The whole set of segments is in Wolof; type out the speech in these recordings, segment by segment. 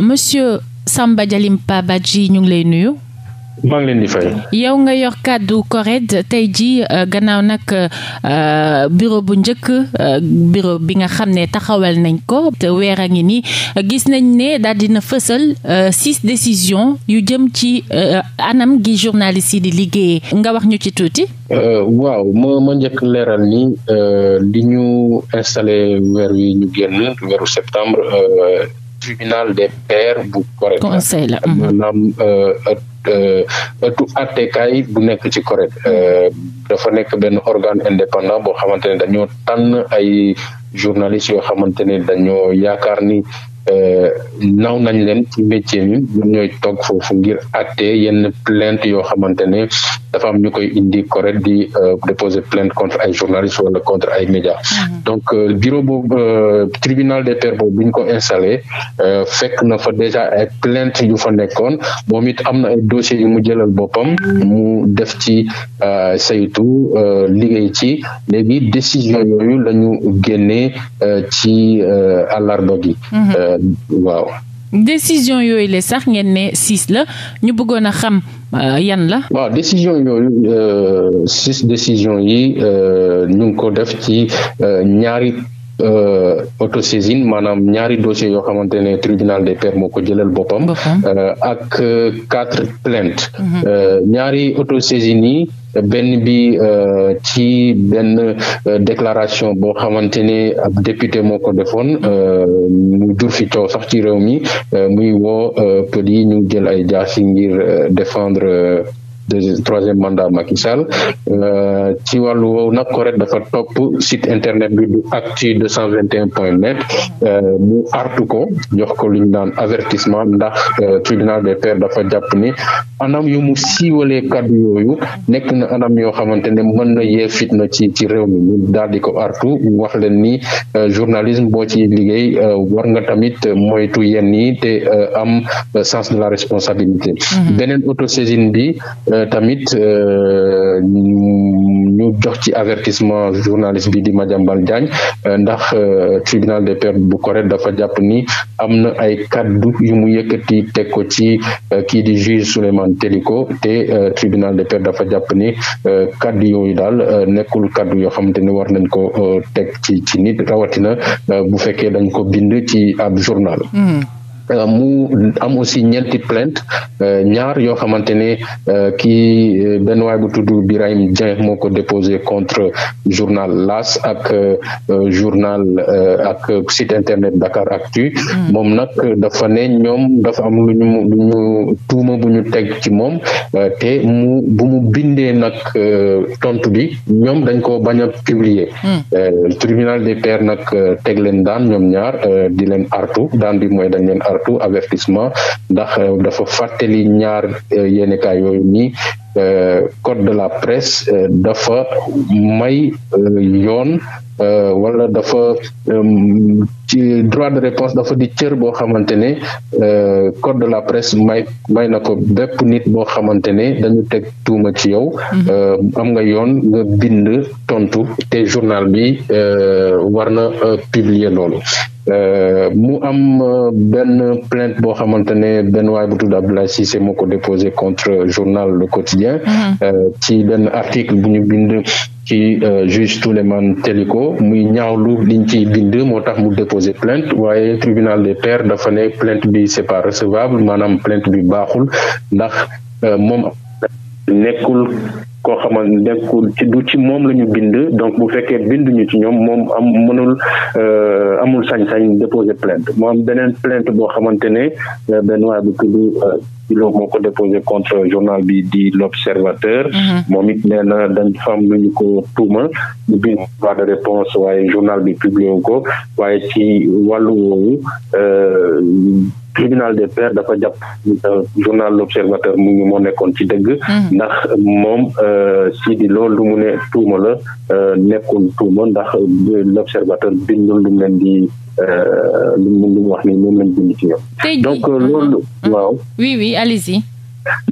monsieur Samba Djalimpa Badji ñu ngi lay nuyu. maa ngi leen di fay. yow nga yor kàddu CORED tey jii euh, gannaaw nag euh, bureau bu njëkk euh, bureau bi nga xam ne taxawal nañ ko te weer a ngi nii gis nañ ne daal dina fësal six décisions yu jëm ci anam gi journaliste yi di liggéeyee nga wax ñu ci tuuti. waaw ma njëkk leeral ni li ñu installé weer wi ñu génn weeru septembre tribunal de pairs bu CORED conseil la mhm. maanaam euh, euh, ëttu attekaay bu nekk ci CORED euh, dafa nekk benn organe indépendant boo xamante ne dañoo tànn ay journalistes yoo xamante ne dañoo yaakaar ni naw nañ leen ci métier mi ñoom ñooy toog fu ngir àtte yenn plainte yoo xamante ne dafa am ñu koy indi correct di euh, déposer plainte contre ay journalistes wala contre ay médias mm-hmm. donc euh, bureau boobu euh, tribunal des pairs boobu bi ñu ko installé fekk na fa déjà ay plainte yu fa nekkoon moom it am na ay dossiers yu mu jëlal boppam mm-hmm. mu def ci saytu liggéey ci léegi décision yooyu lañu ñu génnee ci àllarba gi mm-hmm. waaw. décision yooyu la sax ngeen ne six la ñu bëggoon a xam euh, yan la. waaw décision yooyu euh, six décision yi euh, ñu ngi ko def ci ñaari. Euh, autosaisine maanaam ñaari dossier yoo xamante ne tribunal des pairs moo ko jëlal boppam euh, ak euh, quatre plaintes mhm. ñaari autosaisine yi benn bi ci benn déclaration boo xamante ne ab député moo ko defoon mu jur fi coow sax ci réew mi muy woo pël yi ñu jël ay jaasi ngir défendre deuxième troisième mandat Macky Sall euh, ci wàllu woowu nag correct dafa top site internet bi du actu deux cent vingt et un point net euh, mu artu ko jox ko lu ñu naan avertissement ndax euh, tribunal des pairs dafa jàpp ni anam yu mu siiwalee kàddu yooyu nekk na anam yoo xamante ne mën na yee fitna ci ci réew mi ñu daal di ko artu wax leen ni journalisme boo ci liggéey war nga tamit moytu yenn yi te am sens de la responsabilité mm-hmm. beneen autosaisine bi Euh, tamit euh, ñu jox ci avertissement journaliste bi di Madiambal Diagne euh, ndax tribunal des pairs bu CORED dafa jàpp ni am na ay kaddu yu mu yëkkati teg ko ci kii di juge Souleymane Teliko te tribunal des pairs dafa jàpp ni kaddu yooyu daal nekkul kaddu yoo xamante ni war nañ ko teg ci ci nit rawatina bu fekkee dañ ko bind ci ab journal. Hmm. Euh, mu am aussi ñeenti plainte euh, ñaar yoo xamante ne euh, kii benn waay bu tudd Birahim Dieng moo ko déposé contre journal L'As ak journal ak site internet Dakar Actu hmm. moom nag dafa ne ñoom dafa am lu ñu lu tuuma bu ñu teg ci moom te mu bu mu bindee nag tontu bi ñoom dañ ko bañ a publier hmm. tribunal des pairs nag teg leen daan ñoom ñaar di artu daan bi mooy dañ leen partout avertissement ndax euh, dafa fàttali ñaar euh, yéenekaay yooyu nii Euh, code de la presse euh, dafa may euh, yoon wala dafa ci droit de réponse dafa di cër boo xamante ne code de la presse may may na ko bépp nit boo xamante ne dañu teg tuuma ci yow mhm. am nga tontu te journal bi war na publier loolu Euh, mu am benn plainte boo xamante ne benn waay bu tudd Abdoulaye Cissé moo ko déposé contre journal Le Quotidien quotidien mhm. euh, ci benn article bu ñu bind ci euh, juge Souleymane Teliko muy ñaawlu liñ ci bind moo tax mu déposé plainte waaye tribunal des pairs dafa ne plainte bi c'est pas recevable maanaam plainte bi baaxul ndax euh, moom nekkul koo xamal nekkul ci du ci moom la ñu bind donc bu fekkee binduñu ci ñoom moom am mënul euh, amul sañ-sañ déposer plainte moo beneen plainte boo xamante ne euh, benn waay bu tudd Kilo euh, moo ko déposé contre journal bi di l'Observateur mhm. moom it nee na dañ fam lu ko tuuma ñu bind pas de réponse waaye journal bi publié ko waaye si wàllu woowu tribunal des pairs dafa jàpp euh, journal l'observateur mu ngi moo nekkoon ci dëgg mm-hmm. ndax moom euh, Sidi Lo lu mu ne tuuma la euh, nekkul tuuma ndax l'observateur bindul lu mu leen di lu mu lu wax ni moom lañ bind ci ñoom donc loolu mm-hmm. waaw oui oui allez-y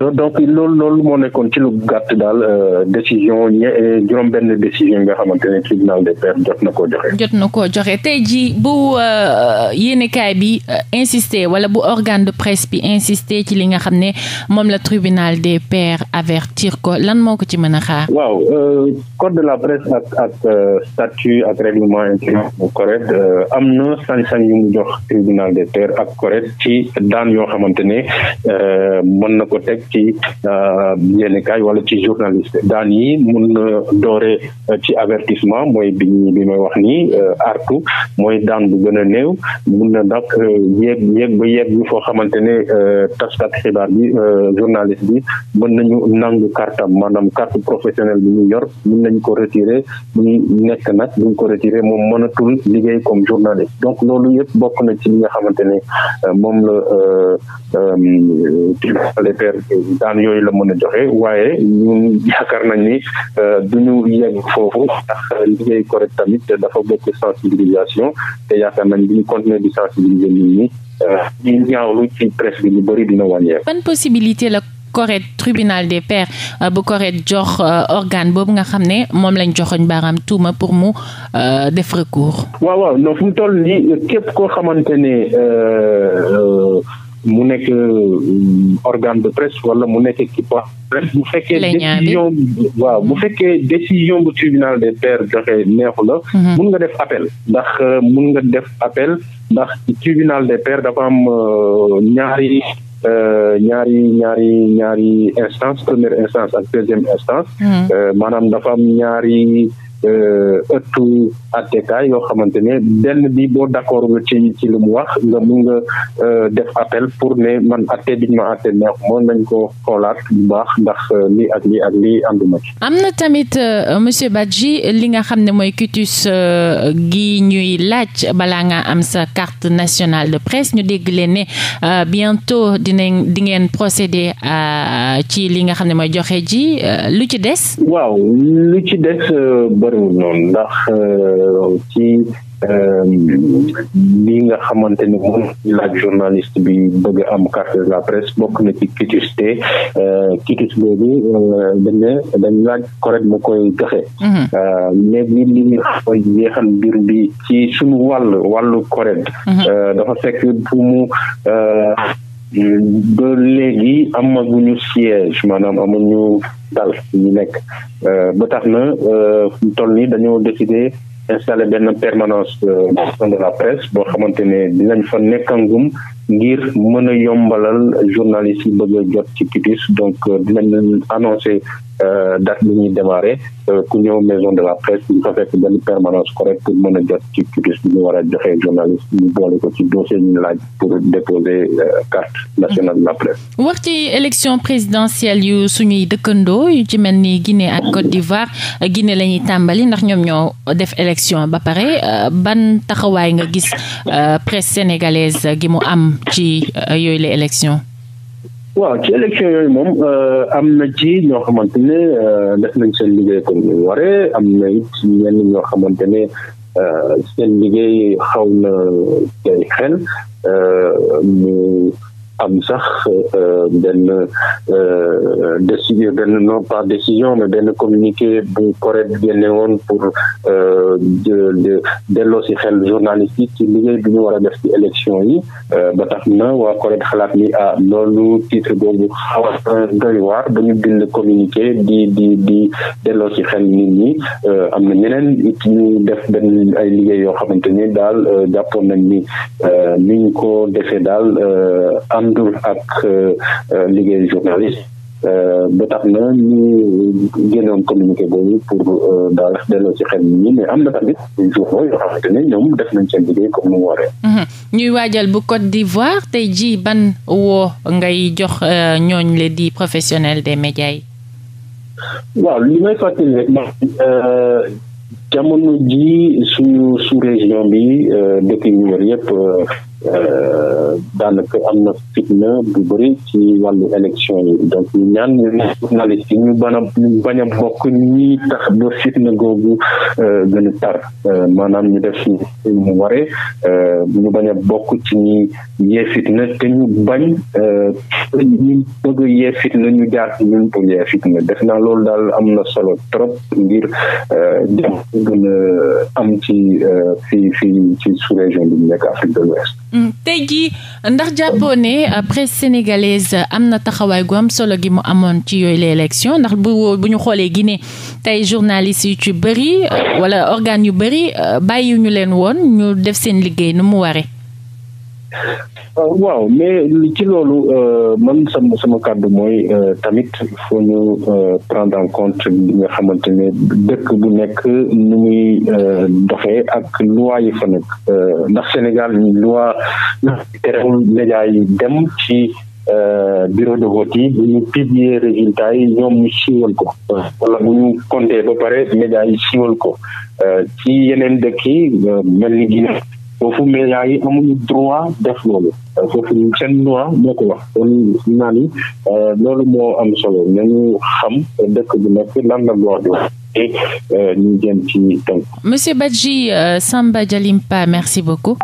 donc loolu loolu moo nekkoon ci lu gàtt daal euh, décision ñe euh, juróom-benn décision nga xamante ne tribunal des pairs jot na ko joxe. jot na koo joxe tey jii bu euh, yéenekaay bi insister wala bu organe de presse bi insister ci li nga xam ne moom la tribunal des pairs avertir ko lan moo ko ci mën a xaar. waaw code de la presse ak ak statut ak règlement intérieur bu CORED am na sañ-sañ yu mu jox tribunal des pairs ak CORED ci daan yoo xamante ne mën na ko. ko teg ci euh, yéenekaay wala ci journaliste daan yi mun na doore euh, ci avertissement mooy bi ñu bi may wax nii euh, artu mooy daan bu gën a néew mun na nag yéeg yéeg ba yéeg foo xamante ne taskat xibaar bi journaliste bi mën nañu nangu kartam maanaam carte professionnelle bi ñu yor mun nañ ko retirer ñu nekk nag bu ñu moom mënatul liggéey comme journaliste donc loolu yëpp bokk na ci li nga xamante ne moom la BRT bi daan yooyu la mën a joxe waaye ñun yaakaar nañ ni euh, duñu yegg foofu ndax liggéey correct tamit dafa bokk sensibilisation te yaakaar nañ bi ñu continuer di sensibiliser nit ñi ñu euh, ñaawlu ci presse bi lu bëri dina wàññeeku. ban possibilité la CORED tribunal des pairs euh, bu CORED jox organe boobu nga xam ne moom lañ joxoñ baaraam tuuma pour mu def recours. waaw waaw non fu mu toll nii képp koo xamante mu nekk euh, organe de presse wala mu nekk équipement presse bu fekkee décision waaw bu mm-hmm. fekkee décision bu tribunal des pairs joxe neexu la mm-hmm. mun nga def appel ndax euh, mun nga def appel ndax tribunal des pairs dafa am euh, ñaari ñaari ñaari ñaari instance première instance ak deuxième instance mm-hmm. maanaam dafa am ñaari Euh, ëttu àttekaay yoo xamante ne benn bi boo d'accord nga ci lu mu wax nga mun nga euh, def appel pour ne man atte biñ ma atte neex moom nañ ko xoolaat bu baax ndax euh, lii ak lii ak lii ànduma ci am na tamit monsieur ji li nga xam ne mooy cutus gi ñuy laaj balaa nga am sa carte national de presse ñu dégg leen ne bientôt dingeen di ngeen procéder ci li nga xam ne mooy joxe ji lu ci des waaw lu ci des soriwul noonu ndax euh, ci euh, li nga xamante ni moom laaj journaliste bi bëgg am carte la presse bokk na ci kitus te kitus euh, dañ ne dañ laaj correct mu koy joxe mhm. mais bi li ñu koy jeexal mbir bi ci suñu wàll wàllu correct mhm. dafa fekk fu mu ba léegi amaguñu siège maanaam amuñu dal ñu nekk euh, ba tax na euh, fu mu toll nii dañoo décider installer benn permanence euh, de la presse boo xamante ne dinañ fa nekkangum ngir mën a yombalal journaliste yi bëgg jot ci PITUS donc euh, dinañ leen annoncé euh, date bi ñuy démarré euh, ku ñëw maison de la presse ñu fa fekk benn permanence correcte pour mën a jot ci PITUS bi ñu war joxe journaliste ñu boole ko ci dossier ñu laaj pour déposer carte nationale de la presse. wax ci élection présidentielle yu suñuy dëkkandoo yu ci mel ni Guinée ak Côte d'Ivoire Guinée la ñuy tàmbali ndax ñoom ñoo def élection ba pare ban taxawaay nga gis presse sénégalaise gi mu am. ci euh, yooyu la élection waaw ci élection yooyu moom euh, am na ci ñoo xamante ne euh, def nañ seen liggéey comme ni waree am na it ñenn ñoo xamante ne seen liggéey xaw na tey mu am sax euh, benn euh, décision benn non pas décision mais benn communiqué bu correct génne woon pour euh, delloo si xel journaliste yi ci liggéey bi ñu war a def ci élection yi ba tax na waa correct xalaat ni ah loolu titre boobu xaw a doy waar ba ñu bind communiqué di di di delloo si xel nit ñi am na ñeneen it ñu def benn ay liggéey yoo xamante ni daal jàppoon nañ ni ni ko defee daal am àndul ak euh, euh, liggéeyu journaliste euh, ba tax na ñu génnoon communiqué boobu pour daal delloo ci xel ñi mais am na tamit journaux yoo xamante ne ñoom def nañ seen liggéey nu waree. Mhm. ñuy waajal bu Côte d'Ivoire tey jii ban woo ngay jox ñooñ le di professionnel des médias yi. waaw li may fàttali jamono ji suñu sous région bi dëkk yu wër Euh, daanaka am na fitna bu bëri ci wàllu élection yi donc ñu ñaan ñu ne ñu bañ a ñu bañ a bokk ñi tax ba fitna googu euh, gën tar euh, maanaam ñu def ñu waree ñu bañ a bokk ci ñi yee te ñu bañ ñu bëgg a yee ñu jaar ci ñun pour yee def naa loolu daal am na solo trop ngir jàmm gën a am ci fii fii ci sous-région bi ñu Afrique de l'Ouest Mm, tey jii ndax jàppoo ne euh, presse sénégalaise euh, am na taxawaay gu am solo gi mu amoon ci yooyu les élections ndax bu bu ñu xoolee Guinée tey journalistes yu ci bëri euh, wala organes yu bëri bàyyi ñu leen woon ñu def seen liggéey nu mu waree. Euh, waaw mais ci loolu euh, man sama sama kàddu mooy euh, tamit il faut ñu prendre en compte li nga xamante ne dëkk bu nekk nu muy doxee ak loi yi fa nekk ndax Sénégal loi terewul média yi dem ci bureau de vote yi bu ñu publier résultats yi ñoom ñu siiwal ko wala bu ñu compté ba pare média yi siiwal ko ci yeneen dëkk yi mel ni Guinée foofu médias yi droit def loolu foofu seen loi moo ko wax kon naa ni euh, loolu moo am solo nañu xam dëkk bu nekk lan la loi di wax et euh, ñu jëm ci tënk. Monsieur Badji euh, Samba Djalimpa merci beaucoup.